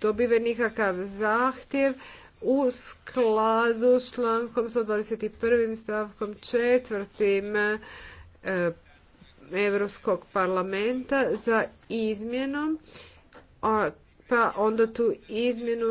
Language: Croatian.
dobive nikakav zahtjev u skladu s člankom 121. stavkom četvrtim e, Europskog parlamenta za izmjenom, pa onda tu izmjenu